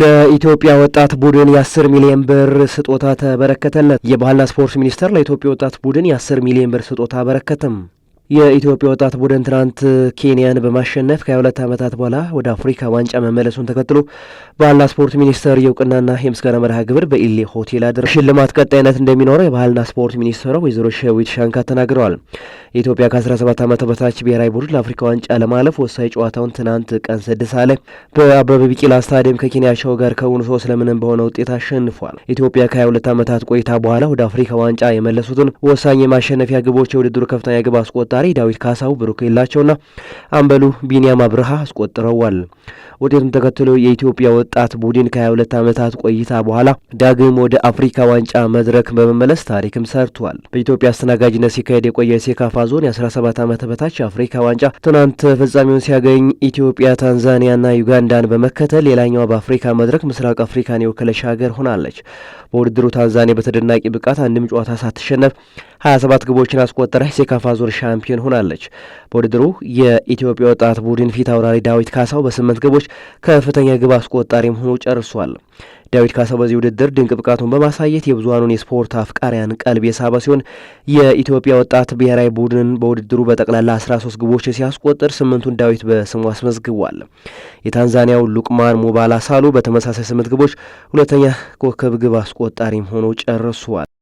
ለኢትዮጵያ ወጣት ቡድን የ10 ሚሊዮን ብር ስጦታ ተበረከተለት። የባህልና ስፖርት ሚኒስቴር ለኢትዮጵያ ወጣት ቡድን የ10 ሚሊዮን ብር ስጦታ አበረከተም። የኢትዮጵያ ወጣት ቡድን ትናንት ኬንያን በማሸነፍ ከ22 ዓመታት በኋላ ወደ አፍሪካ ዋንጫ መመለሱን ተከትሎ ባህልና ስፖርት ሚኒስቴር የእውቅናና የምስጋና መርሃ ግብር በኢሌ ሆቴል አድር ሽልማት ቀጣይነት እንደሚኖረው የባህልና ስፖርት ሚኒስቴሯ ወይዘሮ ሸዊት ሻንካ ተናግረዋል። የኢትዮጵያ ከ17 ዓመት በታች ብሔራዊ ቡድን ለአፍሪካ ዋንጫ ለማለፍ ወሳኝ ጨዋታውን ትናንት ቀን ስድስት አለ በአበበ ቢቂላ ስታዲየም ሸው ጋር ከውኑ ሶስት ለምንም በሆነ ውጤት አሸንፏል። ኢትዮጵያ ከ22 ዓመታት ቆይታ በኋላ ወደ አፍሪካ ዋንጫ የመለሱትን ወሳኝ የማሸነፊያ ግቦች የውድድሩ ከፍተኛ ግብ አስቆጣ ዛሬ ዳዊት ካሳው፣ ብሩክ የላቸውና አምበሉ ቢንያም አብርሃ አስቆጥረዋል። ውጤቱን ተከትሎ የኢትዮጵያ ወጣት ቡድን ከ22 ዓመታት ቆይታ በኋላ ዳግም ወደ አፍሪካ ዋንጫ መድረክ በመመለስ ታሪክም ሰርቷል። በኢትዮጵያ አስተናጋጅነት ሲካሄድ የቆየ ሴካፋ ዞን የ17 ዓመት በታች አፍሪካ ዋንጫ ትናንት ፍጻሜውን ሲያገኝ ኢትዮጵያ ታንዛኒያና ዩጋንዳን በመከተል ሌላኛዋ በአፍሪካ መድረክ ምስራቅ አፍሪካን የወከለች ሀገር ሆናለች። በውድድሩ ታንዛኒያ በተደናቂ ብቃት አንድም ጨዋታ ሳትሸነፍ 27 ግቦችን አስቆጠረ ሴካፋ ዙር ሻምፒዮን ሆናለች። በውድድሩ የኢትዮጵያ ወጣት ቡድን ፊት አውራሪ ዳዊት ካሳው በስምንት ግቦች ከፍተኛ ግብ አስቆጣሪም ሆኖ ጨርሷል። ዳዊት ካሳው በዚህ ውድድር ድንቅ ብቃቱን በማሳየት የብዙሃኑን የስፖርት አፍቃሪያን ቀልብ የሳበ ሲሆን የኢትዮጵያ ወጣት ብሔራዊ ቡድን በውድድሩ በጠቅላላ 13 ግቦች ሲያስቆጥር ስምንቱን ዳዊት በስሙ አስመዝግቧል። የታንዛኒያው ሉቅማን ሙባላ ሳሉ በተመሳሳይ ስምንት ግቦች ሁለተኛ ኮከብ ግብ አስቆጣሪም ሆኖ ጨርሷል።